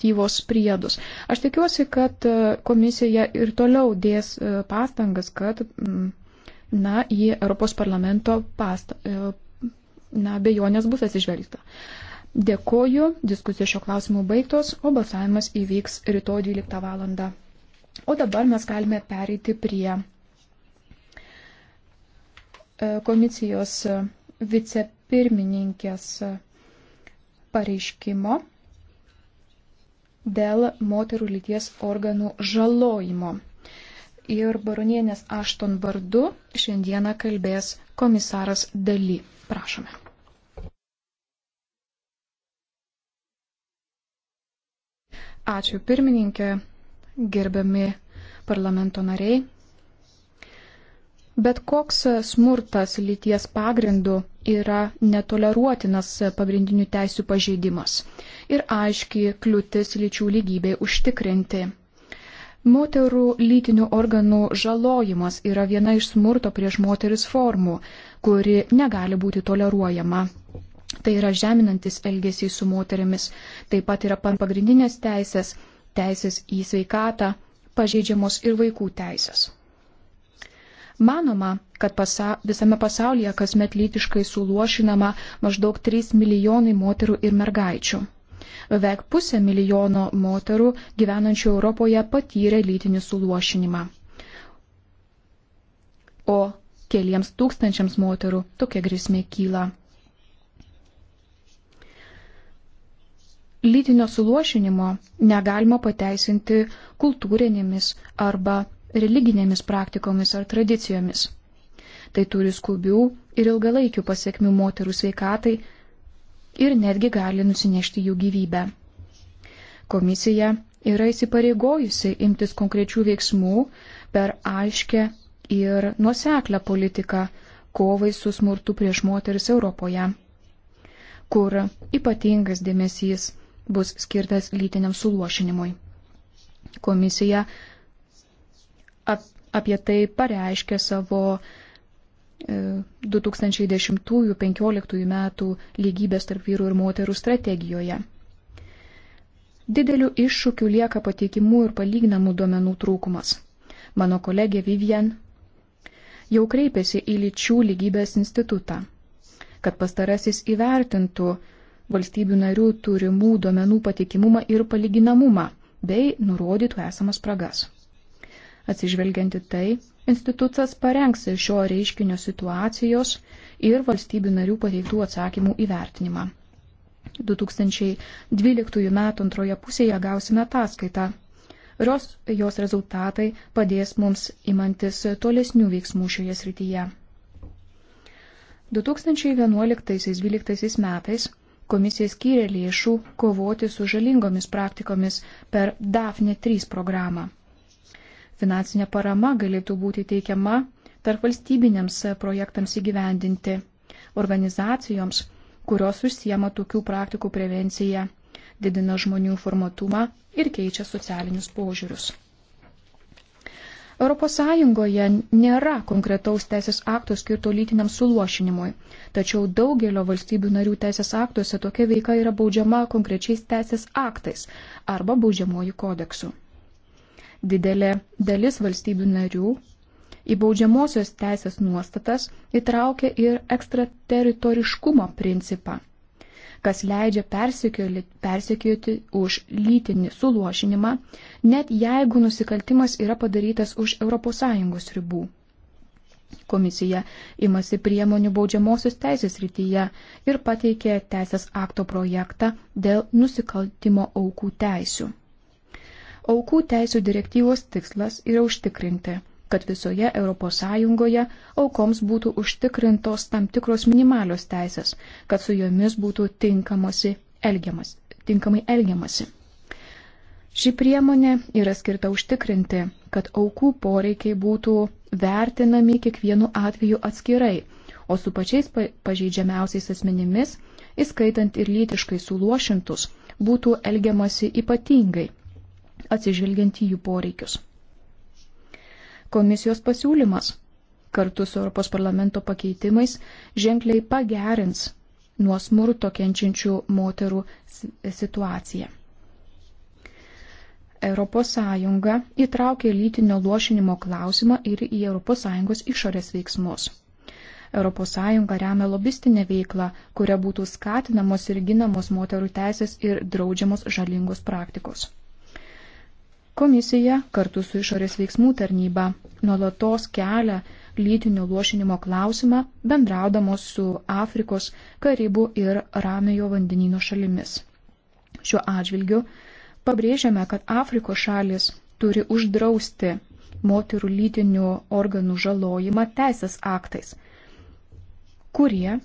direktyvos priedus. Aš tikiuosi, kad e, komisija ir toliau dės e, pastangas, kad na, į Europos parlamento pastą, e, na, bejonės bus atsižvelgta. Dėkoju, diskusijos šio klausimu baigtos, o balsavimas įvyks rytoj 12 val. O dabar mes galime pereiti prie komisijos vicepirmininkės pareiškimo dėl moterų lyties organų žalojimo. Ir baronienės Ašton vardu šiandieną kalbės komisaras Daly. Prašome. Ačiū pirmininkė, gerbiami parlamento nariai, Bet koks smurtas lyties pagrindu yra netoleruotinas pagrindinių teisų pažeidimas ir aiškiai kliūtis lyčių lygybei užtikrinti. Moterų lytinių organų žalojimas yra viena iš smurto prieš moteris formų, kuri negali būti toleruojama. Tai yra žeminantis elgesys su moterimis, taip pat yra pagrindinės teisės, teisės į sveikatą, pažeidžiamos ir vaikų teisės. Manoma, kad pasa visame pasaulyje kasmet lytiškai suluošinama maždaug 3 milijonai moterų ir mergaičių. Beveik pusė milijono moterų gyvenančių Europoje patyrė lytinį suluošinimą. O keliems tūkstančiams moterų tokia grėsmė kyla. Lytinio suluošinimo negalima pateisinti kultūrinėmis arba religinėmis praktikomis ar tradicijomis. Tai turi skubių ir ilgalaikių pasiekmių moterų sveikatai ir netgi gali nusinešti jų gyvybę. Komisija yra įsipareigojusi imtis konkrečių veiksmų per aiškę ir nuoseklę politiką kovai su smurtu prieš moteris Europoje, kur ypatingas dėmesys bus skirtas lytiniam suluošinimui. Komisija ap, apie tai pareiškė savo 2010-2015 e, metų lygybės tarp vyrų ir moterų strategijoje. Dideliu iššūkiu lieka pateikimų ir palyginamų duomenų trūkumas. Mano kolegė Vivian jau kreipėsi į lyčių lygybės institutą, kad pastarasis įvertintų valstybių narių turimų duomenų patikimumą ir palyginamumą bei nurodytų esamas spragas. Atsižvelgianti tai, institutas parengs šio reiškinio situacijos ir valstybių narių pateiktų atsakymų įvertinimą. 2012 m. antroje pusėje gausime ataskaitą. Jos, jos rezultatai padės mums imantis tolesnių veiksmų šioje srityje. 2011-2012 metais komisija skyrė lėšų kovoti su žalingomis praktikomis per DAFNE 3 programą. Finansinė parama galėtų būti teikiama tarp valstybinėms projektams įgyvendinti organizacijoms, kurios užsiema tokių praktikų prevenciją, didina žmonių formatumą ir keičia socialinius požiūrius. ES nėra konkretaus teisės akto skirto lytiniam suluošinimui, tačiau daugelio valstybių narių teisės aktuose tokia veika yra baudžiama konkrečiais teisės aktais arba baudžiamuoju kodeksu didelė dalis valstybių narių į baudžiamosios teisės nuostatas įtraukia ir ekstrateritoriškumo principą, kas leidžia persekioti už lytinį suluošinimą, net jeigu nusikaltimas yra padarytas už ES ribų. Komisija imasi priemonių baudžiamosios teisės rytyje ir pateikė teisės akto projektą dėl nusikaltimo aukų teisių. Aukų teisų direktyvos tikslas yra užtikrinti, kad visoje ES aukoms būtų užtikrintos tam tikros minimalios teisės, kad su jomis būtų elgiamas, tinkamai elgiamasi. Ši priemonė yra skirta užtikrinti, kad aukų poreikiai būtų vertinami kiekvienu atveju atskirai, o su pačiais pažeidžiamiausiais asmenimis, įskaitant ir lytiškai suluošintus, būtų elgiamasi ypatingai, atsižvelgiant į jų poreikius. Komisijos pasiūlymas kartu su Europos parlamento pakeitimais ženkliai pagerins nuo smurto kenčiančių moterų situaciją. ES įtraukė lytinio lošinimo klausimą ir į ES išorės veiksmus. ES remia lobistinę veiklą, kuria būtų skatinamos ir ginamos moterų teisės ir draudžiamos žalingos praktikos. Komisija kartu su išorės veiksmų tarnyba nuolatos kelia lytinio lošinimo klausimą bendraudamos su Afrikos, Karibų ir Ramiojo vandenino šalimis. Šiuo atžvilgiu pabrėžiame, kad Afrikos šalis turi uždrausti moterų lytinių organų žalojimą teisės aktais, kurie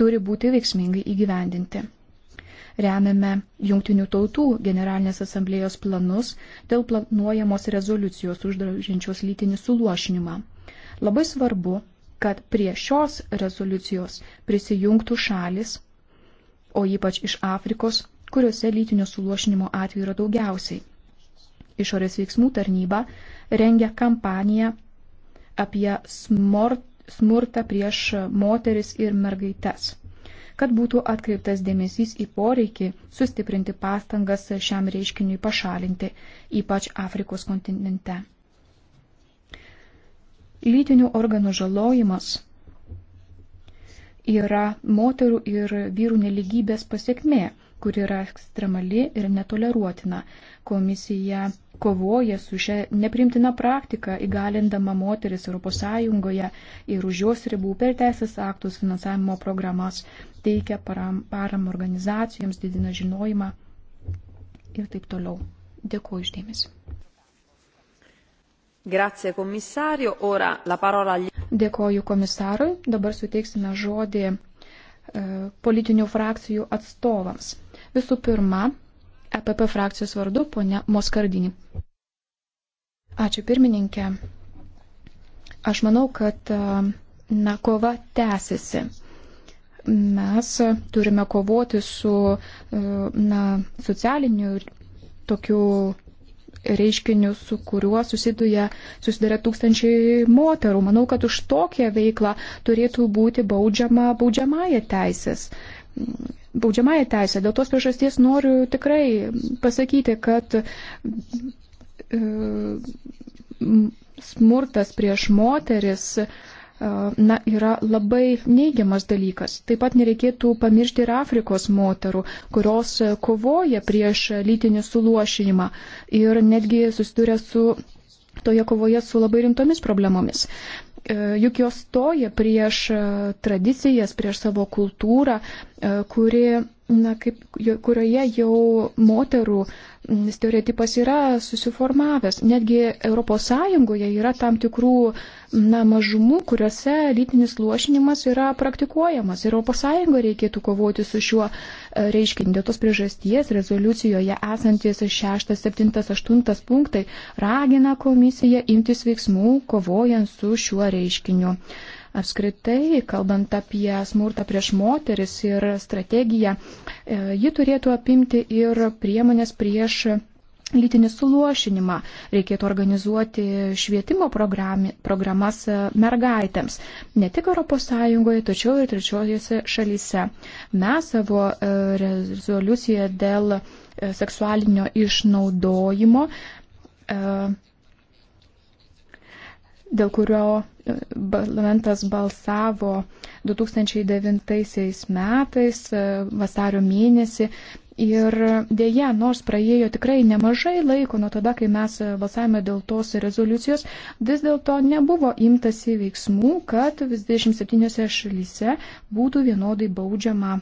turi būti veiksmingai įgyvendinti remiame Junktinių tautų generalinės asamblėjos planus dėl planuojamos rezoliucijos uždraužiančios lytinį suluošinimą. Labai svarbu, kad prie šios rezoliucijos prisijungtų šalis, o ypač iš Afrikos, kuriuose lytinio suluošinimo atveju yra daugiausiai. Išorės veiksmų tarnyba rengia kampaniją apie smort, smurtą prieš moteris ir mergaites kad būtų atkreiptas dėmesys į poreikį sustiprinti pastangas šiam reiškiniui pašalinti, ypač Afrikos kontinente. Lytinių organų žalojimas yra moterų ir vyrų neligybės pasiekmė, kur yra ekstremali ir netoleruotina. Komisija kovoja su šia neprimtina praktika, įgalindama moteris ES ir už jos ribų per teisės aktus finansavimo programas, teikia paramą organizacijoms, didina žinojimą ir taip toliau. Dėkuoju išdėmesi. Grazie, komisario. Ora la parola agli... Dėkoju komisarui. Dabar suteiksime žodį e, politinių frakcijų atstovams. Visų pirma, EPP frakcijos vardu ponia Moskardinį. Ačiū pirmininkė. Aš manau, kad e, na, kova tęsiasi. Mes turime kovoti su e, na, socialiniu tokiu reiškiniu, su kuriuo susiduria, susiduria tūkstančiai moterų. Manau, kad už tokią veiklą turėtų būti baudžiama baudžiamąją teisės baudžiamąją teisę. Dėl tos priežasties noriu tikrai pasakyti, kad e, smurtas prieš moteris e, na, yra labai neigiamas dalykas. Taip pat nereikėtų pamiršti ir Afrikos moterų, kurios e, kovoja prieš lytinį suluošinimą ir netgi susiduria su toje kovoje su labai rimtomis problemomis. E, juk jos stoja prieš e, tradicijas, prieš savo kultūrą, e, kuri na, kaip, kurioje jau moterų stereotipas yra susiformavęs. Netgi ES yra tam tikrų na, mažumų, kuriuose lytinis lošinimas yra praktikuojamas. Ir ES reikėtų kovoti su šiuo e, reiškiniu. Dėl tos priežasties rezoliucijoje esantis 6, 7, 8 punktai ragina komisiją imtis veiksmų kovojant su šiuo reiškiniu. Apskritai, kalbant apie smurtą prieš moteris ir strategiją, e, ji turėtų apimti ir priemonės prieš lytinį suluošinimą. Reikėtų organizuoti švietimo programas e, mergaitėms, ne tik ES, tačiau ir trečiojose šalyse. Mes savo e, rezoliuciją dėl seksualinio išnaudojimo dėl kurio e, parlamentas balsavo 2009 metais e, vasario mėnesį. Ir dėja, nors praėjo tikrai nemažai laiko nuo tada, kai mes balsavome dėl tos rezoliucijos, vis dėlto nebuvo imtasi veiksmų, kad vis 27 šalyse būtų vienodai baudžiama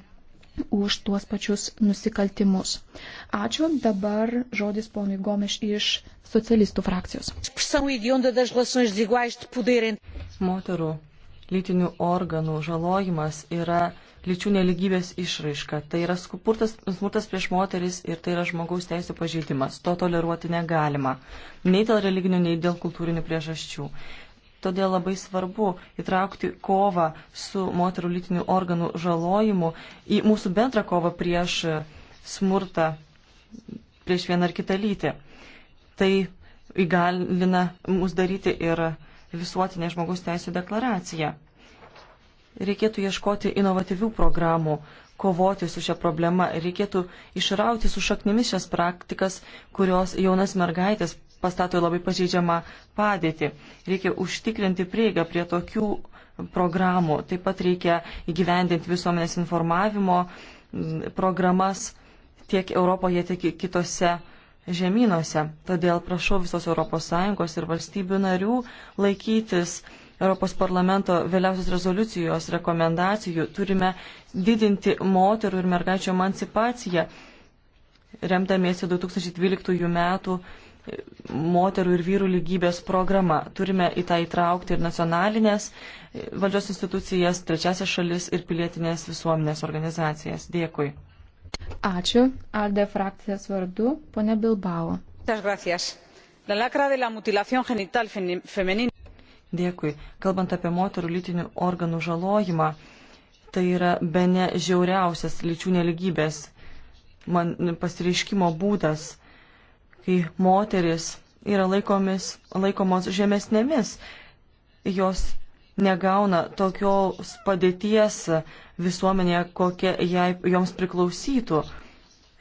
už tuos pačius nusikaltimus. Ačiū. Dabar žodis ponui Gomeš iš socialistų frakcijos. Moterų lytinių organų žalojimas yra lyčių neligybės išraiška. Tai yra skurtas, smurtas prieš moteris ir tai yra žmogaus teisų pažeidimas. To toleruoti negalima. Nei dėl religinių, nei dėl kultūrinių priežasčių. Todėl labai svarbu įtraukti kovą su moterų lytinių organų žalojimu į mūsų bendrą kovą prieš smurtą prieš vieną ar kitą lytį. Tai įgalina mus daryti ir visuotinė žmogaus teisų deklaracija. Reikėtų ieškoti inovatyvių programų, kovoti su šia problema, reikėtų išrauti su šaknimis šias praktikas, kurios jaunas mergaitės pastato į labai pažeidžiamą padėtį. Reikia užtikrinti prieigą prie tokių programų. Taip pat reikia įgyvendinti visuomenės informavimo mm, programas tiek Europoje, tiek kitose žemynuose. Todėl prašau visos ES ir valstybių narių laikytis Europos parlamento vėliausios rezoliucijos rekomendacijų. Turime didinti moterų ir mergaičių emancipaciją, remdamiesi 2012 metų moterų ir vyrų lygybės programa. Turime į tą įtraukti ir nacionalinės valdžios institucijas, trečiasias šalis ir pilietinės visuomenės organizacijas. Dėkui. Ačiū. Alde frakcijos vardu, ponė Bilbao. Dėkui. Kalbant apie moterų lytinių organų žalojimą, tai yra be ne žiauriausias lyčių neligybės man, pasireiškimo būdas kai moteris yra laikomis, laikomos žemesnėmis, jos negauna tokios padėties visuomenėje, kokia jai, joms priklausytų.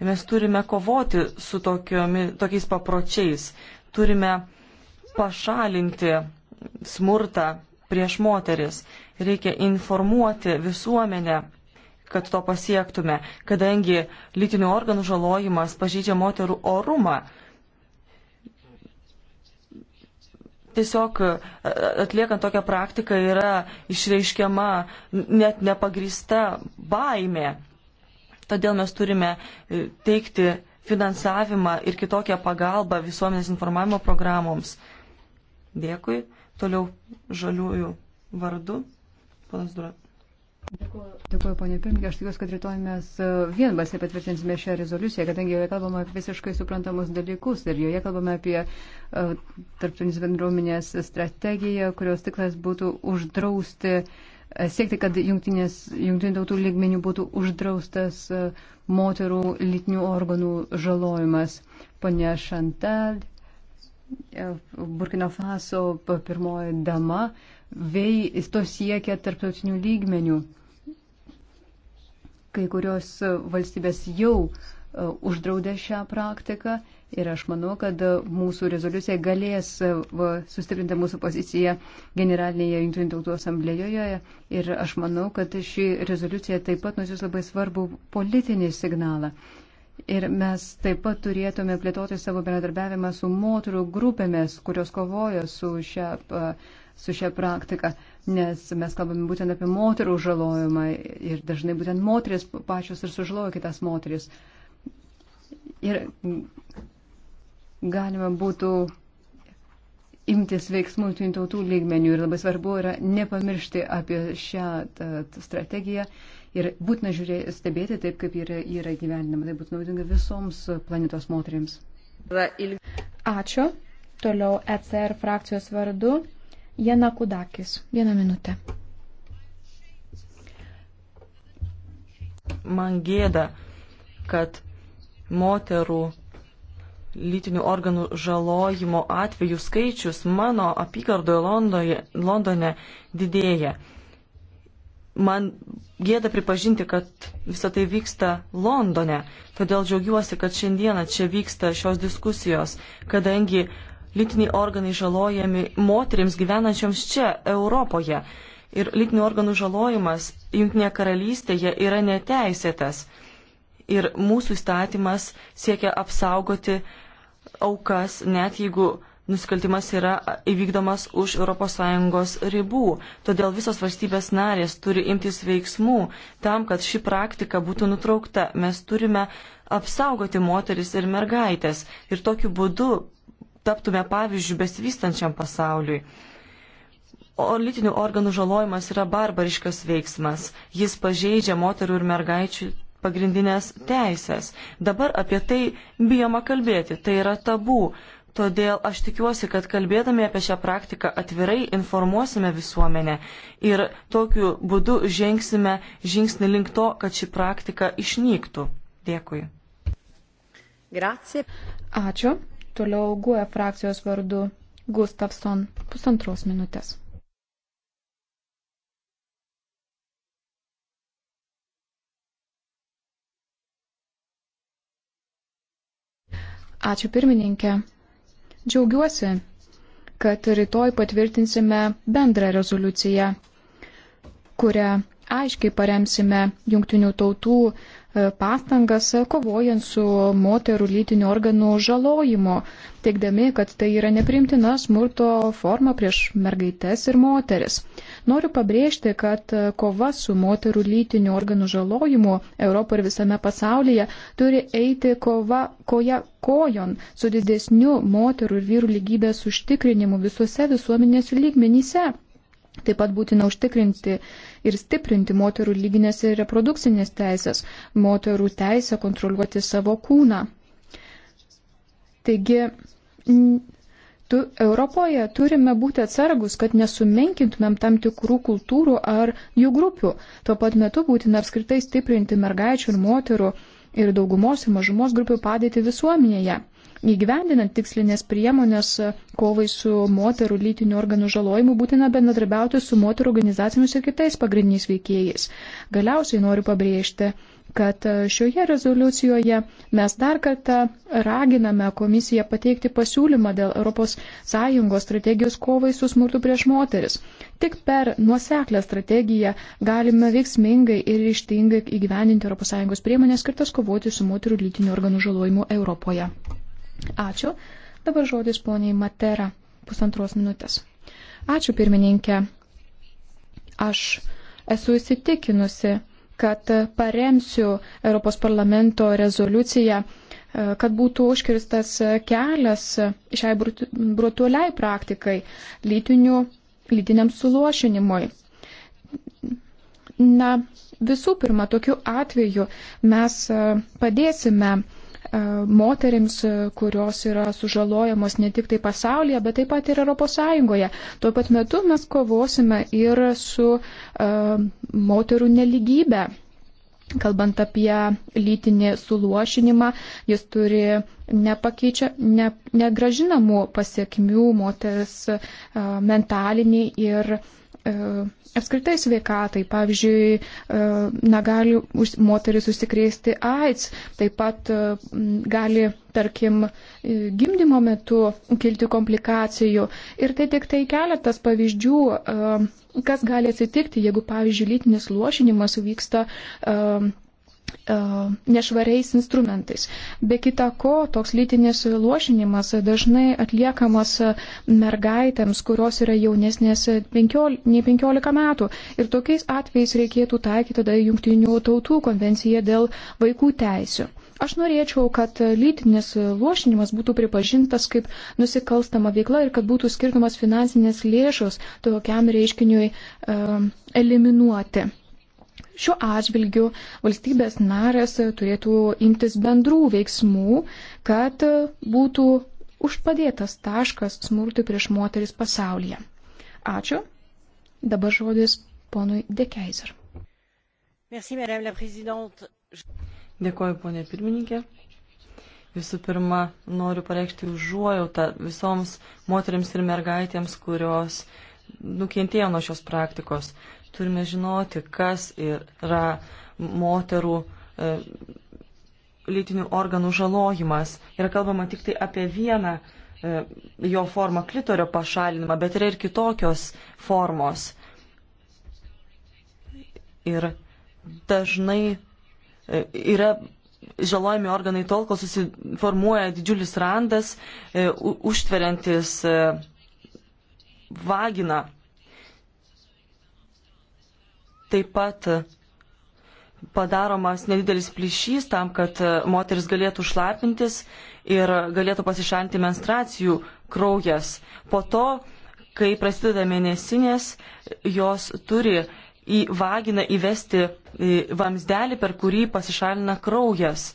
Mes turime kovoti su tokiomi, tokiais papročiais, turime pašalinti smurtą prieš moteris, reikia informuoti visuomenę, kad to pasiektume, kadangi lytinių organų žalojimas pažydžia moterų orumą Tiesiog e, atliekant tokią praktiką yra išreiškiama net nepagrįsta baime. Todėl mes turime e, teikti finansavimą ir kitokią pagalbą visuomenės informavimo programoms. Dėkui. Toliau žaliųjų vardu. Panas Dura. Dėkuoju, ponė Pirmininkė, aš tikiuosi, kad rytoj mes e, vienbalsiai patvirtinsime šią rezoliuciją, kadangi joje kalbama apie visiškai suprantamus dalykus ir joje kalbame apie uh, tarptautinės bendruomenės strategiją, kurios tiklas būtų uždrausti, e, siekti, kad jungtinių tautų lygmenių būtų uždraustas uh, moterų lytinių organų žalojimas. Pane Šantal, Burkina Faso pirmoji dama, vei to siekia tarptautinių lygmenių. Kai kurios valstybės jau e, uždraudė šią praktiką ir aš manau, kad e, mūsų rezoliucija galės e, sustiprinti mūsų poziciją generalinėje Junktinių tautų asamblėjoje ir aš manau, kad ši rezoliucija taip pat nusius labai svarbu politinį signalą. Ir mes taip pat turėtume plėtoti savo bendradarbiavimą su moterų grupėmis, kurios kovoja su šia, su šia praktika nes mes kalbame būtent apie moterų žalojimą ir dažnai būtent moteris pačios ir sužaloja kitas moteris. Ir galima būtų imtis veiksmų jungtinių tautų lygmenių ir labai svarbu yra nepamiršti apie šią tą, tą strategiją ir būtina žiūrėti, stebėti taip, kaip yra, yra gyvenama. Tai būtų naudinga visoms planetos moteriams. Ačiū. Toliau ECR frakcijos vardu Jana Kudakis. Vieną minutę. Man gėda, kad moterų lytinių organų žalojimo atvejų skaičius mano apygardoje Londoje, Londone didėja. Man gėda pripažinti, kad visą tai vyksta Londone, todėl džiaugiuosi, kad šiandieną čia vyksta šios diskusijos, kadangi lytiniai organai žalojami moteriams gyvenančioms čia, Europoje. Ir lytinių organų žalojimas Junktinėje karalystėje yra neteisėtas. Ir mūsų įstatymas siekia apsaugoti aukas, net jeigu nusikaltimas yra įvykdomas už ES ribų. Todėl visos valstybės narės turi imtis veiksmų tam, kad ši praktika būtų nutraukta. Mes turime apsaugoti moteris ir mergaitės ir tokiu būdu taptume pavyzdžių besivystančiam pasauliui. O lytinių organų žalojimas yra barbariškas veiksmas. Jis pažeidžia moterų ir mergaičių pagrindinės teisės. Dabar apie tai bijoma kalbėti, tai yra tabu. Todėl aš tikiuosi, kad kalbėdami apie šią praktiką atvirai informuosime visuomenę ir tokiu būdu žengsime žingsnį link to, kad ši praktika išnyktų. Dėkui. Grazie. Ačiū. Toliau guoja e frakcijos vardu Gustafson pusantros minutės. Ačiū pirmininkė. Džiaugiuosi, kad rytoj patvirtinsime bendrą rezoliuciją, kurią aiškiai paremsime jungtinių tautų pastangas kovojant su moterų lytinių organų žalojimo, teikdami, kad tai yra neprimtina smurto forma prieš mergaites ir moteris. Noriu pabrėžti, kad kova su moterų lytinių organų žalojimu Europoje ir visame pasaulyje turi eiti kova koja kojon su didesniu moterų ir vyrų lygybės užtikrinimu visuose visuomenės lygmenyse. Taip pat būtina užtikrinti ir stiprinti moterų lyginės ir reprodukcinės teisės, moterų teisę kontroliuoti savo kūną. Taigi, tu, Europoje turime būti atsargus, kad nesumenkintumėm tam tikrų kultūrų ar jų grupių. Tuo pat metu būtina apskritai stiprinti mergaičių ir moterų ir daugumos ir mažumos grupių padėti visuomenėje. Įgyvendinant tikslinės priemonės kovai su moterų lytiniu organų žalojimu būtina bendradarbiauti su moterų organizacijomis ir kitais pagrindiniais veikėjais. Galiausiai noriu pabrėžti, kad šioje rezoliucijoje mes dar kartą raginame komisiją pateikti pasiūlymą dėl ES strategijos kovai su smurtu prieš moteris. Tik per nuoseklę strategiją galime veiksmingai ir ryštingai įgyvendinti ES priemonės skirtas kovoti su moterų lytiniu organų žalojimu Europoje. Ačiū. Dabar žodis poniai Matera pusantros minutės. Ačiū pirmininkė. Aš esu įsitikinusi, kad paremsiu Europos parlamento rezoliuciją, kad būtų užkirstas kelias šiai brutuliai praktikai lytinių, lytiniam suluošinimui. Na, visų pirma, tokiu atveju mes padėsime E, moterims, e, kurios yra sužalojamos ne tik tai pasaulyje, bet taip pat ir ES. Tuo pat metu mes kovosime ir su e, moterų neligybė. Kalbant apie lytinį suluošinimą, jis turi nepakeičia, ne, negražinamų pasiekmių moters mentaliniai ir apskritai sveikatai. Pavyzdžiui, e, negali moteris užsikrėsti AIDS, taip pat e, gali, tarkim, e, gimdymo metu kilti komplikacijų. Ir tai tik tai keletas pavyzdžių, kas gali atsitikti, jeigu, pavyzdžiui, lytinis lošinimas vyksta E, nešvariais instrumentais. Be kita ko, toks lytinis lošinimas dažnai atliekamas mergaitėms, kurios yra jaunesnės 15, nei 15 metų. Ir tokiais atvejais reikėtų taikyti tada jungtinių tautų konvenciją dėl vaikų teisių. Aš norėčiau, kad lytinis lošinimas būtų pripažintas kaip nusikalstama veikla ir kad būtų skirtumas finansinės lėšos tokiam reiškiniui e, eliminuoti. Šiuo atžvilgiu valstybės narės turėtų imtis bendrų veiksmų, kad būtų užpadėtas taškas smurtui prieš moteris pasaulyje. Ačiū. Dabar žodis ponui Dekeizer. Dėkuoju, ponė pirmininkė. Visų pirma, noriu pareikšti užuojautą visoms moteriams ir mergaitėms, kurios nukentėjo nuo šios praktikos. Turime žinoti, kas yra moterų e, lytinių organų žalojimas. Yra kalbama tik tai apie vieną e, jo formą klitorio pašalinimą, bet yra ir kitokios formos. Ir dažnai e, yra žalojami organai tol, kol susiformuoja didžiulis randas, e, užtveriantis e, vaginą Taip pat padaromas nedidelis plyšys tam, kad e, moteris galėtų šlapintis ir galėtų pasišalinti menstruacijų kraujas. Po to, kai prasideda mėnesinės, jos turi į vaginą įvesti e, vamzdelį, per kurį pasišalina kraujas.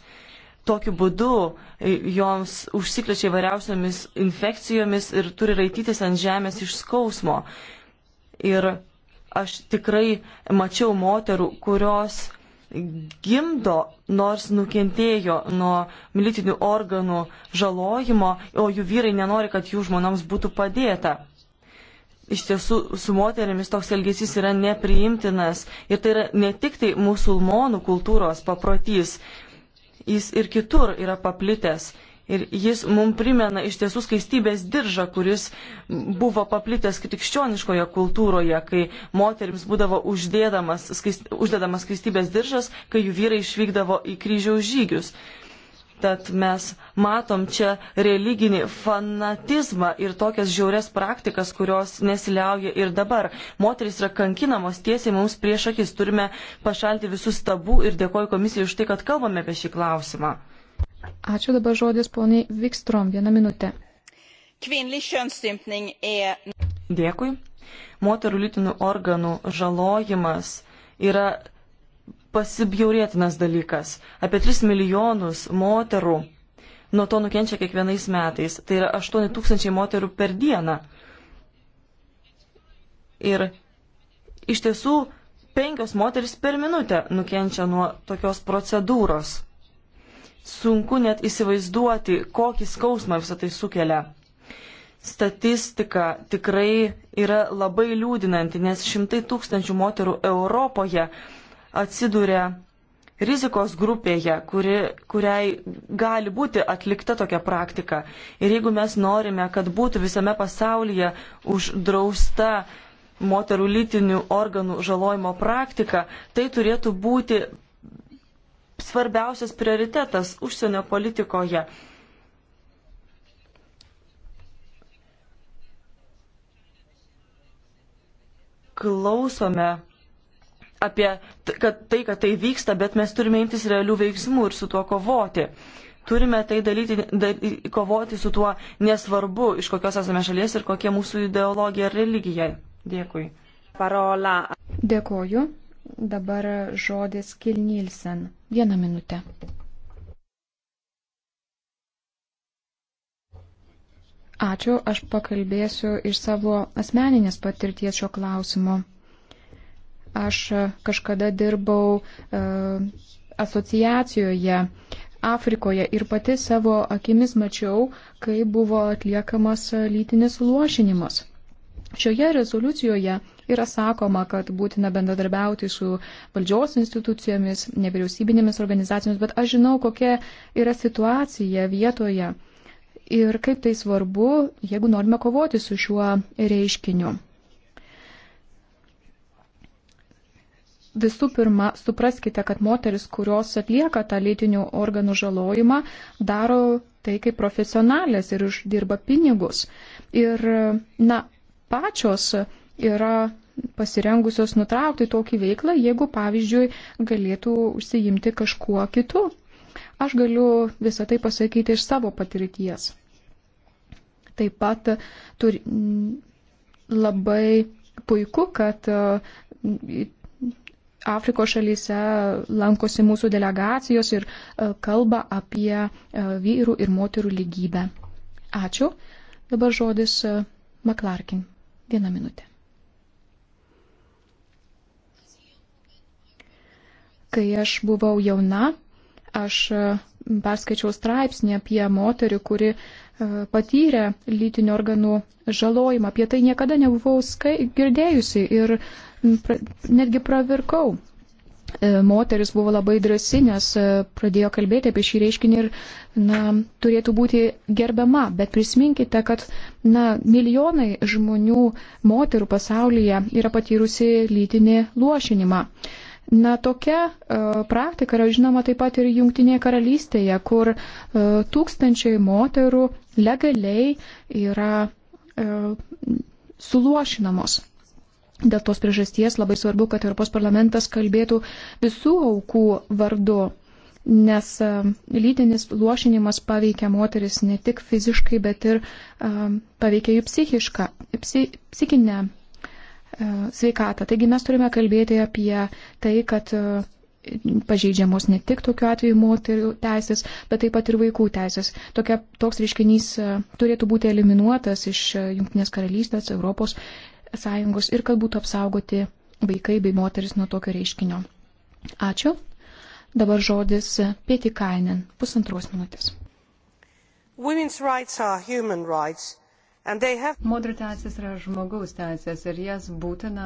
Tokiu būdu e, joms užsikrečia įvairiausiamis infekcijomis ir turi raitytis ant žemės iš skausmo. Ir Aš tikrai mačiau moterų, kurios gimdo, nors nukentėjo nuo militinių organų žalojimo, o jų vyrai nenori, kad jų žmonoms būtų padėta. Iš tiesų, su moterimis toks elgesys yra nepriimtinas ir tai yra ne tik tai musulmonų kultūros paprotys, jis ir kitur yra paplitęs Ir jis mums primena iš tiesų skaistybės diržą, kuris buvo paplitęs krikščioniškoje kultūroje, kai moterims būdavo uždėdamas, skaist, uždedamas skaistybės diržas, kai jų vyrai išvykdavo į kryžiaus žygius. Tad mes matom čia religinį fanatizmą ir tokias žiaurias praktikas, kurios nesiliauja ir dabar. Moteris yra kankinamos tiesiai mums prieš akis. Turime pašalti visus tabų ir dėkoju komisijai už tai, kad kalbame apie šį klausimą. Ačiū dabar žodis poniai Vikstrom. Vieną minutę. Er- Dėkui. Moterų lytinių organų žalojimas yra pasibjaurėtinas dalykas. Apie 3 milijonus moterų nuo to nukenčia kiekvienais metais. Tai yra 8 tūkstančiai moterų per dieną. Ir iš tiesų penkios moteris per minutę nukenčia nuo tokios procedūros. Sunku net įsivaizduoti, kokį skausmą visą tai sukelia. Statistika tikrai yra labai liūdinanti, nes šimtai tūkstančių moterų Europoje atsiduria rizikos grupėje, kuri, kuriai gali būti atlikta tokia praktika. Ir jeigu mes norime, kad būtų visame pasaulyje uždrausta moterų lytinių organų žalojimo praktika, tai turėtų būti svarbiausias prioritetas užsienio politikoje. Klausome apie kad tai, kad tai vyksta, bet mes turime imtis realių veiksmų ir su tuo kovoti. Turime tai dalyti, dal, kovoti su tuo nesvarbu, iš kokios esame šalies ir kokia mūsų ideologija ar religija. Dėkui. Parola. Dėkoju. Dabar žodis Kilnilsen. Vieną minutę. Ačiū, aš pakalbėsiu iš savo asmeninės patirties šio klausimo. Aš kažkada dirbau e, asociacijoje Afrikoje ir pati savo akimis mačiau, kai buvo atliekamas lytinis luošinimas. Šioje rezoliucijoje yra sakoma, kad būtina bendradarbiauti su valdžios institucijomis, nevyriausybinėmis organizacijomis, bet aš žinau, kokia yra situacija vietoje ir kaip tai svarbu, jeigu norime kovoti su šiuo reiškiniu. Visų pirma, supraskite, kad moteris, kurios atlieka tą lytinių organų žalojimą, daro tai kaip profesionalės ir uždirba pinigus. Ir, na, pačios yra pasirengusios nutraukti tokį veiklą, jeigu, pavyzdžiui, galėtų užsiimti kažkuo kitu. Aš galiu visą tai pasakyti iš savo patirties. Taip pat turi, labai puiku, kad e, Afrikos šalyse lankosi mūsų delegacijos ir e, kalba apie e, vyrų ir moterų lygybę. Ačiū. Dabar žodis Maklarkin. Vieną minutę. Kai aš buvau jauna, aš e, perskaičiau straipsnį apie moterį, kuri e, patyrė lytinių organų žalojimą. Apie tai niekada nebuvau skai, girdėjusi ir pra, netgi pravirkau. E, moteris buvo labai drasi, nes pradėjo kalbėti apie šį reiškinį ir na, turėtų būti gerbiama. Bet prisiminkite, kad na, milijonai žmonių, moterų pasaulyje yra patyrusi lytinį lošinimą. Uh, Na, tokia e, praktika yra žinoma taip pat ir Junktinėje karalystėje, kur e, tūkstančiai moterų legaliai yra e, suluošinamos. Dėl tos priežasties labai svarbu, kad Europos parlamentas kalbėtų visų aukų vardu, nes e, lytinis luošinimas paveikia moteris ne tik fiziškai, bet ir e, paveikia jų psichišką, psi, psichinę E, sveikatą. Taigi mes turime kalbėti apie tai, kad e, pažeidžiamos ne tik tokiu atveju moterų teisės, bet taip pat ir vaikų teisės. Tokia, toks reiškinys e, turėtų būti eliminuotas iš Junktinės karalystės, Europos Sąjungos ir kad būtų apsaugoti vaikai bei moteris nuo tokio reiškinio. Ačiū. Dabar žodis Pietikainen, pusantros minutės. Women's rights are human rights Have... Moterų teisės yra žmogaus teisės ir jas būtina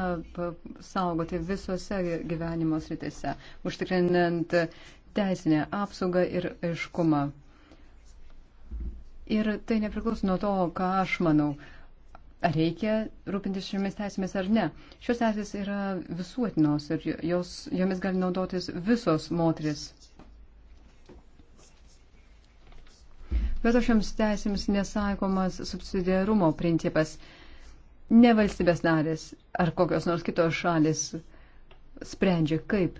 saugoti visose gyvenimo sritise, užtikrinant teisinę apsaugą ir aiškumą. Ir tai nepriklauso nuo to, ką aš manau, ar reikia rūpintis šiomis teisėmis ar ne. Šios teisės yra visuotinos ir jos, jomis gali naudotis visos moteris. bet aš jums teisėms nesaikomas subsidiarumo principas. Ne valstybės narės ar kokios nors kitos šalis sprendžia, kaip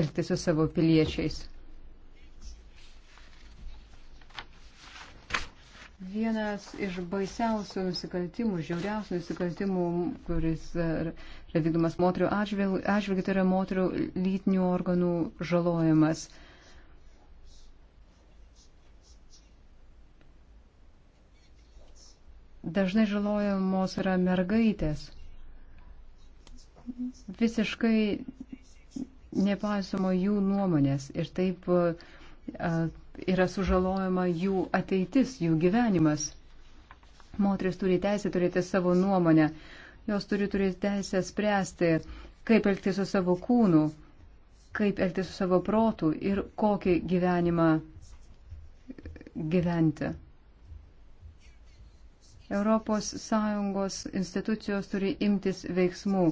elgtis su savo piliečiais. Vienas iš baisiausių nusikaltimų, žiauriausių nusikaltimų, kuris yra vykdomas moterio atžvilgiu, tai yra moterio lytinių organų žalojimas. Uh, dažnai žalojamos yra mergaitės. Visiškai nepaisoma jų nuomonės ir taip yra sužalojama jų ateitis, jų gyvenimas. Moteris turi teisę turėti savo nuomonę, jos turi turėti teisę spręsti, kaip elgti su savo kūnu, kaip elgti su savo protu ir kokį gyvenimą gyventi. ES institucijos turi imtis veiksmų.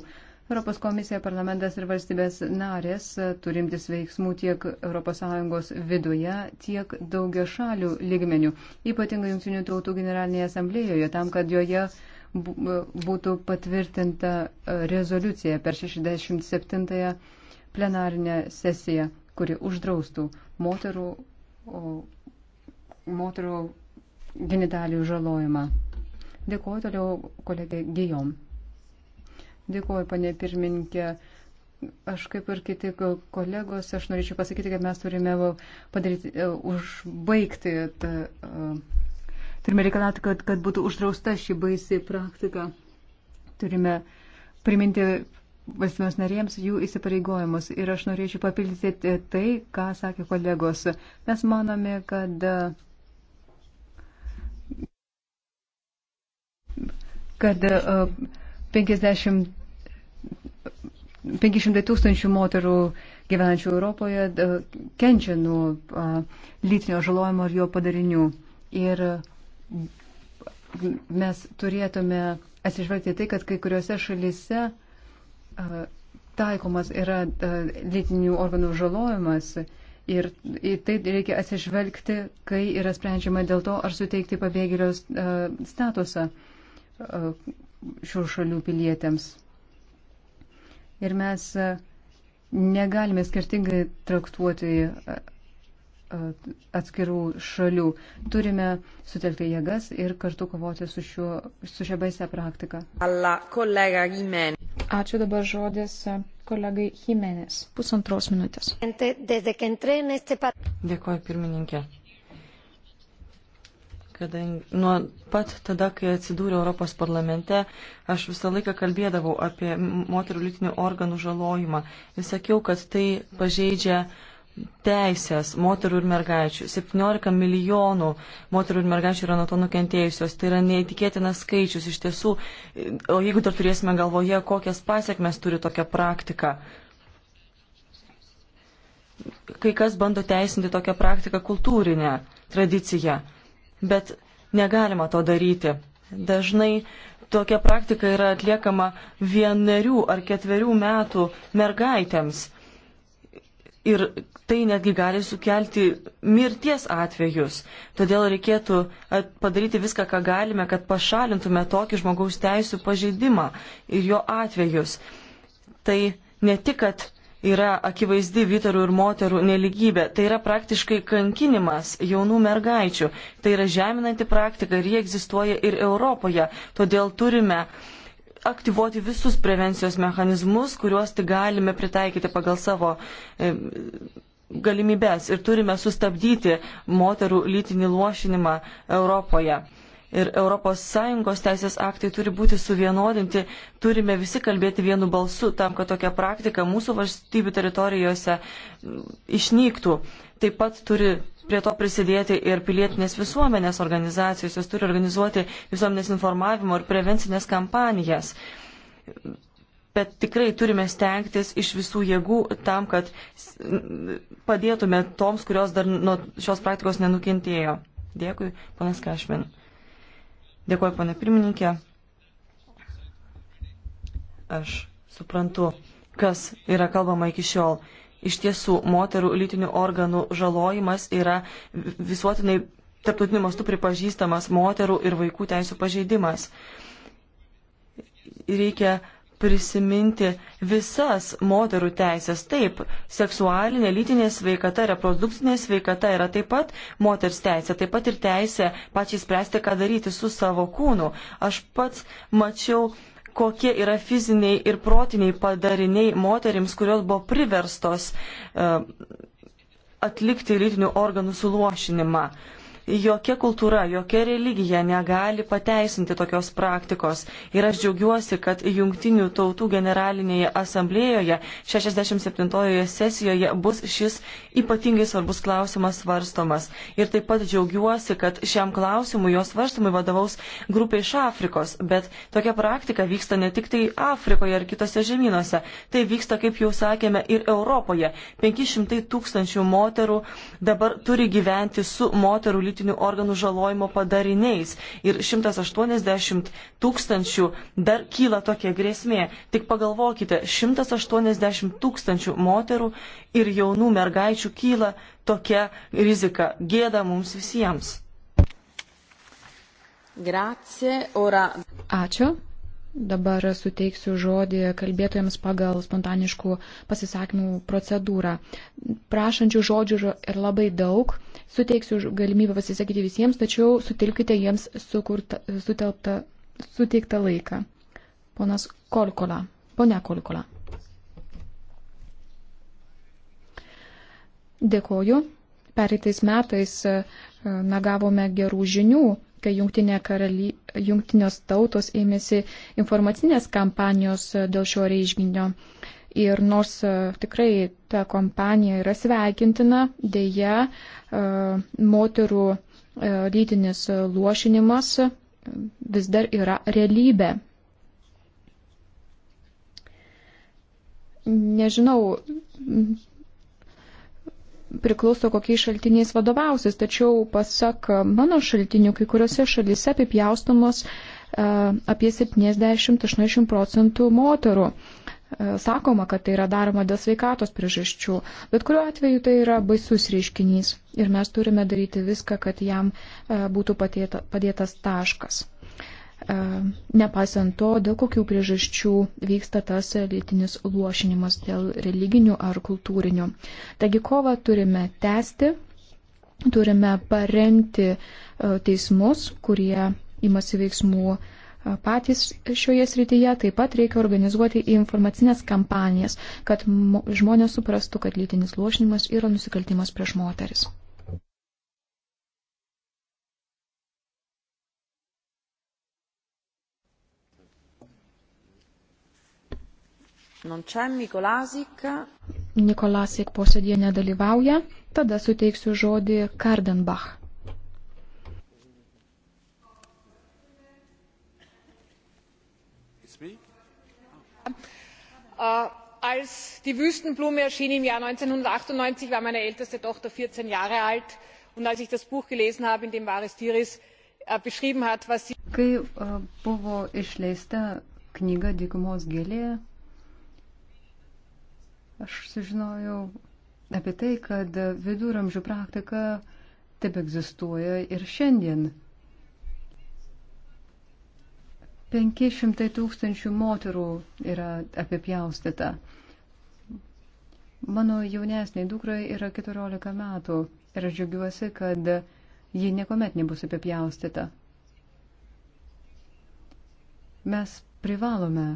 Europos komisija, parlamentas ir valstybės narės turimtis veiksmų tiek ES viduje, tiek daugia šalių lygmenių, ypatingai Junktinių tautų generalinėje asamblėjoje, tam, kad joje būtų patvirtinta e, rezoliucija per 67-ąją plenarinę sesiją, kuri uždraustų moterų, moterų genitalių žalojimą. Dėkuoju toliau kolegė Gijom. Dėkuoju, panė pirmininkė. Aš kaip ir kiti kolegos, aš norėčiau pasakyti, kad mes turime padaryti, e, užbaigti, tą, e, turime reikalauti, kad, kad būtų uždrausta šį baisį praktiką. Turime priminti valstybės narėms jų įsipareigojimus. Ir aš norėčiau papildyti tai, ką sakė kolegos. Mes manome, kad kad 50, e, 500 tūkstančių moterų gyvenančių Europoje e, kenčia nuo e, lytinio žalojimo ir jo padarinių. Ir mes turėtume atsižvelgti tai, kad kai kuriuose šalise taikomas yra lytinių organų žalojimas ir į tai reikia atsižvelgti, kai yra sprendžiama dėl to, ar suteikti pabėgėlios statusą. E, šių šalių pilietėms. Ir mes e, negalime skirtingai traktuoti e, atskirų šalių. Turime sutelkti jėgas ir kartu kovoti su, šiuo, su šia baise praktika. Ačiū dabar žodis kolegai Jimenez. Pusantros minutės. Dėkuoju pirmininkė kadangi nuo pat tada, kai atsidūriau Europos parlamente, aš visą laiką kalbėdavau apie moterų lytinių organų žalojimą ir sakiau, kad tai pažeidžia teisės moterų ir mergaičių. 17 milijonų moterų ir mergaičių yra nuo to nukentėjusios. Tai yra neįtikėtinas skaičius iš tiesų. O jeigu dar turėsime galvoje, kokias pasiekmes turi tokia praktika. Kai kas bando teisinti tokią praktiką kultūrinę tradiciją bet negalima to daryti. Dažnai tokia praktika yra atliekama vienerių ar ketverių metų mergaitėms. Ir tai netgi gali sukelti mirties atvejus. Todėl reikėtų padaryti viską, ką galime, kad pašalintume tokį žmogaus teisų pažeidimą ir jo atvejus. Tai ne tik, kad yra akivaizdi vyterų ir moterų neligybė. Tai yra praktiškai kankinimas jaunų mergaičių. Tai yra žeminanti praktika ir jie egzistuoja ir Europoje. Todėl turime aktyvuoti visus prevencijos mechanizmus, kuriuos tik galime pritaikyti pagal savo e, galimybės ir turime sustabdyti moterų lytinį lošinimą Europoje ir ES teisės aktai turi būti suvienodinti, turime visi kalbėti vienu balsu tam, kad tokia praktika mūsų valstybių teritorijose mm, išnyktų. Taip pat turi prie to prisidėti ir pilietinės visuomenės organizacijos, jos turi organizuoti visuomenės informavimo ir prevencinės kampanijas. Bet tikrai turime stengtis iš visų jėgų tam, kad mm, padėtume toms, kurios dar nuo šios praktikos nenukentėjo. Dėkui, panas Kašmin. Dėkuoju, pana pirmininkė. Aš suprantu, kas yra kalbama iki šiol. Iš tiesų, moterų lytinių organų žalojimas yra visuotinai tarptautiniu mastu pripažįstamas moterų ir vaikų teisų pažeidimas. Reikia uh, prisiminti visas moterų teisės. Taip, seksualinė, lytinė sveikata, reprodukcinė sveikata yra taip pat moters teisė, taip pat ir teisė pačiai spręsti, ką daryti su savo kūnu. Aš pats mačiau kokie yra fiziniai ir protiniai padariniai moterims, kurios buvo priverstos uh, atlikti lytinių organų suluošinimą. Uh, jokia kultūra, jokia religija negali pateisinti tokios praktikos. Ir aš džiaugiuosi, kad Junktinių tautų generalinėje asamblėjoje 67-ojoje sesijoje bus šis ypatingai svarbus klausimas svarstomas. Ir taip pat džiaugiuosi, kad šiam klausimui jos svarstymui vadovaus grupė iš Afrikos. Bet tokia praktika vyksta ne tik tai Afrikoje ar kitose žemynuose. Tai vyksta, kaip jau sakėme, ir Europoje. 500 tūkstančių moterų dabar turi gyventi su moterų lyčių lytinių organų žalojimo padariniais. Ir 180 tūkstančių dar kyla tokia grėsmė. Tik pagalvokite, 180 tūkstančių moterų ir jaunų mergaičių kyla tokia rizika. Gėda mums visiems. Grazie, ora. Ačiū. Dabar suteiksiu žodį kalbėtojams pagal spontaniškų pasisakymų procedūrą. Prašančių žodžių ir labai daug. Suteiksiu galimybę pasisakyti visiems, tačiau sutilkite jiems sukurta, sutelpta, suteiktą laiką. Ponas Kolkola. Pone Kolkola. Dėkoju. Pereitais metais e, na, gavome gerų žinių kai jungtinė karaly, jungtinės tautos ėmėsi informacinės kampanijos e, dėl šio reiškinio. Ir nors e, tikrai ta kompanija yra sveikintina, dėja e, moterų lytinis lošinimas vis dar yra realybė. Nežinau, priklauso kokiais šaltiniais vadovausis, tačiau pasak mano šaltinių, kai kuriuose šalyse apipjaustomos e, apie 70-80 procentų moterų. E, sakoma, kad tai yra daroma dėl sveikatos priežasčių, bet kuriuo atveju tai yra baisus reiškinys ir mes turime daryti viską, kad jam e, būtų padėta, padėtas taškas. E, nepaisant to, dėl kokių priežasčių vyksta tas lytinis luošinimas dėl religinių ar kultūrinių. Taigi kovą turime tęsti, turime paremti e, teismus, kurie imasi veiksmų e, patys šioje srityje, taip pat reikia organizuoti informacinės kampanijas, kad žmonės suprastų, kad lytinis lošinimas yra nusikaltimas prieš moteris. Nikolasik posėdėje nedalyvauja, tada suteiksiu žodį Kardenbach. Ah, als die wüstenblume erschien im jahr eintausendneunhundertachtundneunzig war meine älteste tochter vierzehn jahre alt und als ich das buch gelesen habe in dem varis tiris äh, beschrieben hat was sie. kai äh, buvo išleista knyga dykumos gėlė Aš sužinojau apie tai, kad viduramžių praktika taip egzistuoja ir šiandien. 500 tūkstančių moterų yra apipjaustyta. Mano jaunesniai dukrai yra 14 metų ir aš džiaugiuosi, kad ji niekuomet nebus apipjaustyta. Mes privalome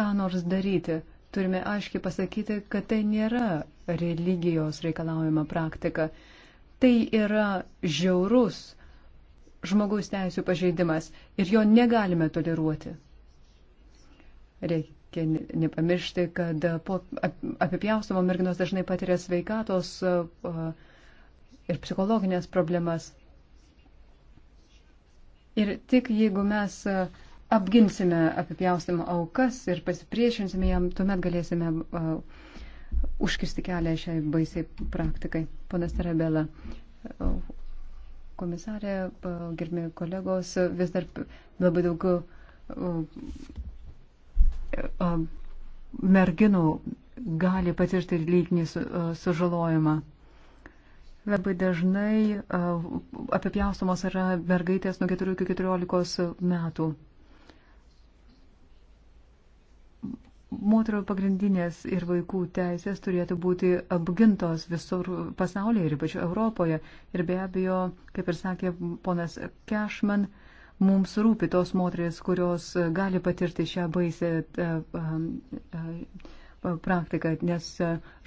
ką nors daryti turime aiškiai pasakyti, kad tai nėra religijos reikalaujama praktika. Tai yra žiaurus žmogaus teisų pažeidimas ir jo negalime toleruoti. Reikia nepamiršti, kad po apipjaustumo merginos dažnai patiria sveikatos ir psichologinės problemas. Ir tik jeigu mes uh, apginsime apipjaustimo aukas ir pasipriešinsime jam, tuomet galėsime uh, užkirsti kelią šiai baisiai praktikai. Ponas Tarabela, uh, komisarė, uh, gerbimi kolegos, uh, vis dar labai daug uh, uh, merginų gali patirti lytinį su, uh, sužalojimą. Labai dažnai uh, apipjaustomos yra mergaitės nuo 4 iki 14 metų. moterų pagrindinės ir vaikų teisės turėtų būti apgintos visur pasaulyje ir ypač Europoje. Ir be abejo, kaip ir sakė ponas Kešman, mums rūpi tos moteris, kurios gali patirti šią baisę. Uh, uh, uh, praktika, nes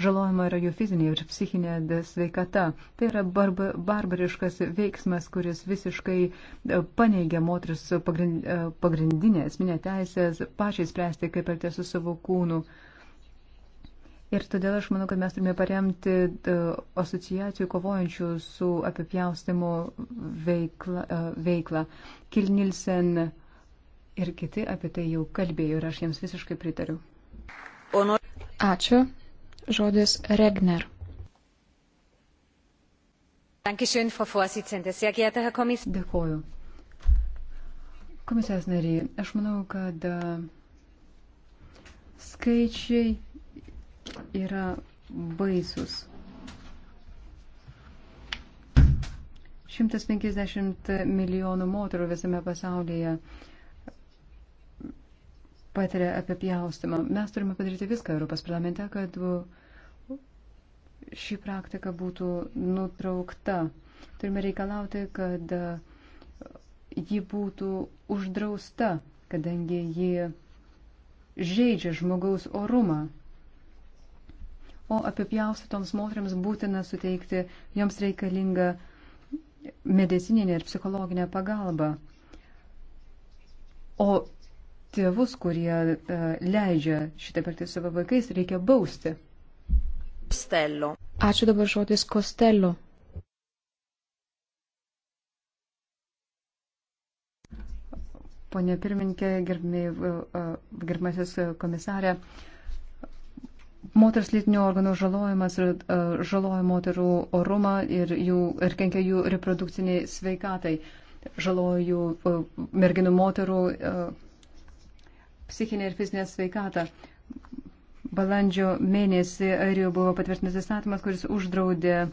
žalojama yra jų fizinė ir psichinė sveikata. Tai yra barb barbariškas veiksmas, kuris visiškai e, paneigia moteris e, pagrindinę esminę teisę pačiai spręsti, kaip elgtis su savo kūnu. Ir todėl aš manau, kad mes turime paremti e, asociacijų kovojančių su apipjaustimu veikla, veiklą. Kilnilsen ir kiti apie tai jau kalbėjo ir aš jiems visiškai pritariu. Ono... Ačiū. Žodis Regner. Dėkuoju. Komisijos nariai, aš manau, kad e, skaičiai yra baisus. 150 milijonų moterų visame pasaulyje uh, patiria apie pjaustimą. Mes turime padaryti viską Europos parlamente, kad ši praktika būtų nutraukta. Turime reikalauti, kad ji būtų uždrausta, kadangi ji žaidžia žmogaus orumą. O apipjaustytoms moteriams būtina suteikti joms reikalingą medicininę ir psichologinę pagalbą. O tėvus, kurie e, leidžia šitą perti savo vaikais, reikia bausti. Stelo. Ačiū dabar žodis Kostelo. Pone pirmininkė, e, e, gerbimasis komisarė, moters lytinių organų žalojimas žaloja moterų orumą ir, jų, ir kenkia jų reprodukciniai sveikatai, žaloja jų merginų moterų psichinę ir fizinę sveikatą. Balandžio mėnesį Airijoje buvo patvirtintas įstatymas, kuris uždraudė e,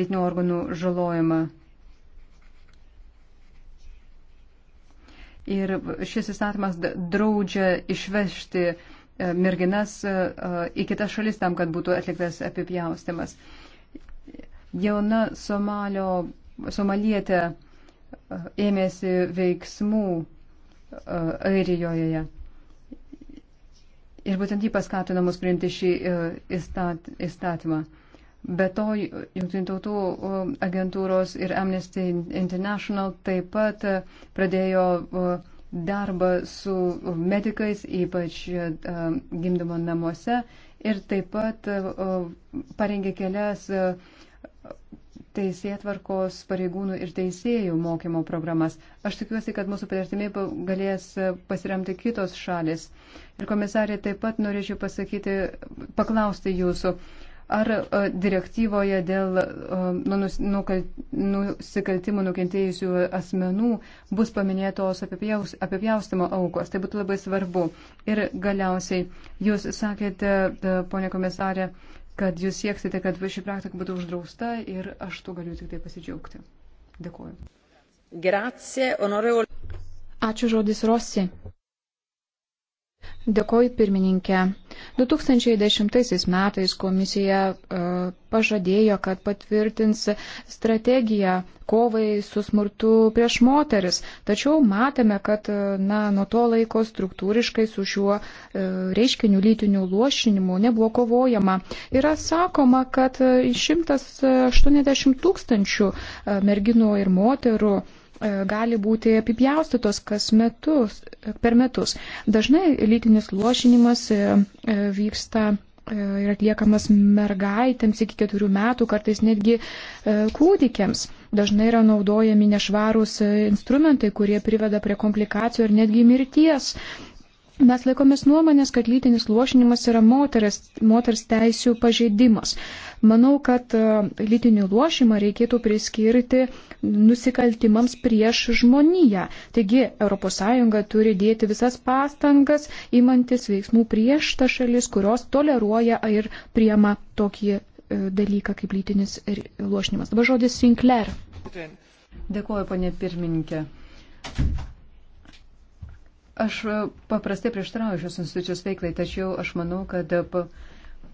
lytinių organų žalojimą. Ir šis įstatymas draudžia išvežti e, merginas e, į kitas šalis tam, kad būtų atliktas apipjaustimas. Jauna Somalio, somalietė ėmėsi veiksmų Airijoje. Ir būtent jį paskatino mus priimti šį e, įstatymą. Be to, Junktinių tautų e, agentūros ir Amnesty International taip pat e, pradėjo darbą su medikais, ypač gimdymo namuose, ir taip pat parengė kelias teisėtvarkos pareigūnų ir teisėjų mokymo programas. Aš tikiuosi, kad mūsų priartimi galės pasiremti kitos šalis. Ir komisarė, taip pat norėčiau pasakyti, paklausti jūsų, ar e, direktyvoje dėl e, nusikaltimų nukentėjusių asmenų bus paminėtos apipjaustimo aukos. Tai būtų labai svarbu. Ir galiausiai, jūs sakėte, e, ponė komisarė, kad jūs sieksite, kad ši praktika būtų uždrausta ir aš tuo galiu tik tai pasidžiaugti. Dėkuoju. Grazie, onorevole. Ačiū žodis Rossi. Dėkoju pirmininkė. 2010 metais komisija e, pažadėjo, kad patvirtins strategiją kovai su smurtu prieš moteris. Tačiau matėme, kad e, na, nuo to laiko struktūriškai su šiuo e, reiškiniu lytiniu lošinimu nebuvo kovojama. Yra sakoma, kad 180 tūkstančių merginų ir moterų E, gali būti apipjaustytos kas metus, per metus. Dažnai lytinis lošinimas e, e, vyksta ir atliekamas mergaitėms iki keturių metų, kartais netgi kūdikiams. Dažnai yra naudojami nešvarūs instrumentai, kurie priveda prie komplikacijų ir netgi mirties. Mes laikomės nuomonės, kad lytinis lošinimas yra moteris, moters teisų pažeidimas. Manau, kad e, lytinį lošimą reikėtų priskirti nusikaltimams prieš žmoniją. Taigi ES turi dėti visas pastangas, imantis veiksmų prieš tą šalis, kurios toleruoja ir priema tokį e, dalyką kaip lytinis lošinimas. Dabar žodis Sinclair. Dėkuoju, ponė pirmininkė. Aš paprastai prieštrauju šios institucijos veiklai, tačiau aš manau, kad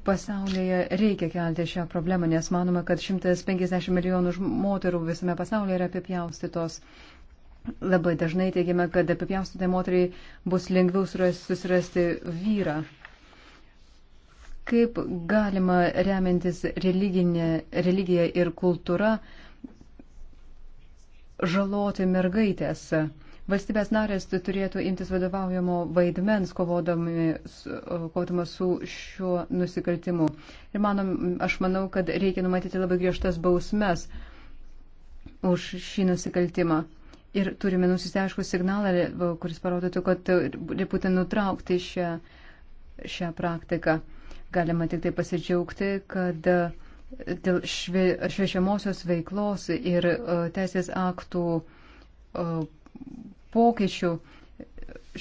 pasaulyje reikia kelti šią problemą, nes manoma, kad 150 milijonų moterų visame pasaulyje yra apipjaustytos. Labai dažnai teigiame, kad apipjaustytai moteriai bus lengviau susirasti vyrą. Kaip galima remiantis religija ir kultūra žaloti mergaitės? Valstybės narės turėtų imtis vadovaujamo vaidmens kovodamas su šiuo nusikaltimu. Ir manom, aš manau, kad reikia numatyti labai griežtas bausmes už šį nusikaltimą. Ir turime nusiaišku signalą, kuris parodytų, kad būtent nutraukti šią, šią praktiką. Galima tik tai pasidžiaugti, kad e, dėl šviešiamosios veiklos ir e, teisės aktų e, pokyčių.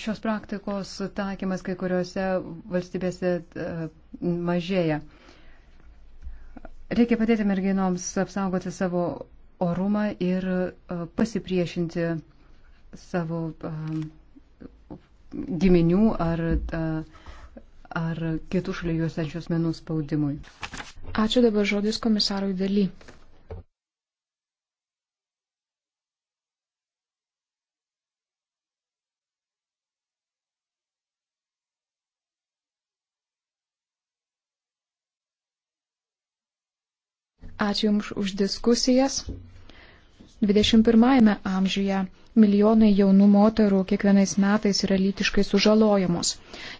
Šios praktikos taikymas kai kuriuose valstybėse e, mažėja. Reikia padėti merginoms apsaugoti savo orumą ir e, pasipriešinti savo e, giminių ar, ar kitų šalia juosančių asmenų spaudimui. Ačiū dabar žodis komisarui daly. Ačiū Jums už diskusijas. 21-ame amžiuje milijonai jaunų moterų kiekvienais metais yra lytiškai sužalojamos.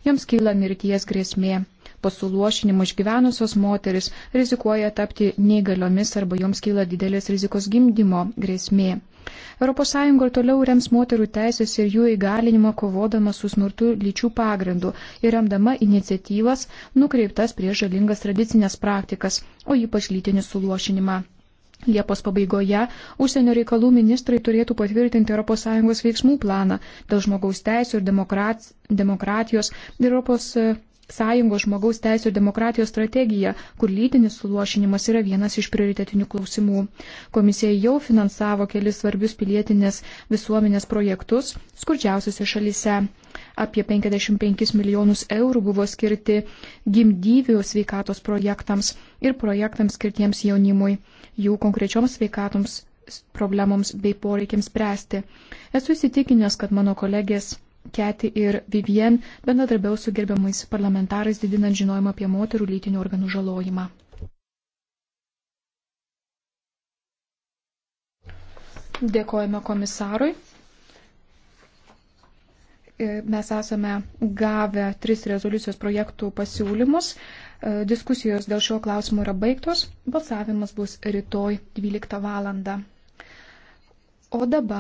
Joms kyla mirties grėsmė pasuluošinimu išgyvenusios moteris rizikuoja tapti neįgaliomis arba joms kyla didelės rizikos gimdymo grėsmė. ES ir toliau rems moterų teisės ir jų įgalinimą kovodama su smurtu lyčių pagrindu ir remdama iniciatyvas nukreiptas prieš žalingas tradicinės praktikas, o ypač lytinį suluošinimą. Liepos pabaigoje užsienio reikalų ministrai turėtų patvirtinti ES veiksmų planą dėl žmogaus teisų ir demokratijos ir ES Sąjungos žmogaus teisų ir demokratijos strategija, kur lytinis suluošinimas yra vienas iš prioritetinių klausimų. Komisija jau finansavo kelis svarbius pilietinės visuomenės projektus skurdžiausiose šalise. Apie 55 milijonus eurų buvo skirti gimdyvių sveikatos projektams ir projektams skirtiems jaunimui, jų konkrečioms sveikatoms problemoms bei poreikiams spręsti. Esu įsitikinęs, kad mano kolegės Keti ir Vivien bendradarbiaus su gerbiamais parlamentarais didinant žinojimą apie moterų lytinių organų žalojimą. Dėkojame komisarui. E, mes esame gavę tris rezoliucijos projektų pasiūlymus. E, diskusijos dėl šio klausimo yra baigtos. Balsavimas bus rytoj 12 val. O dabar.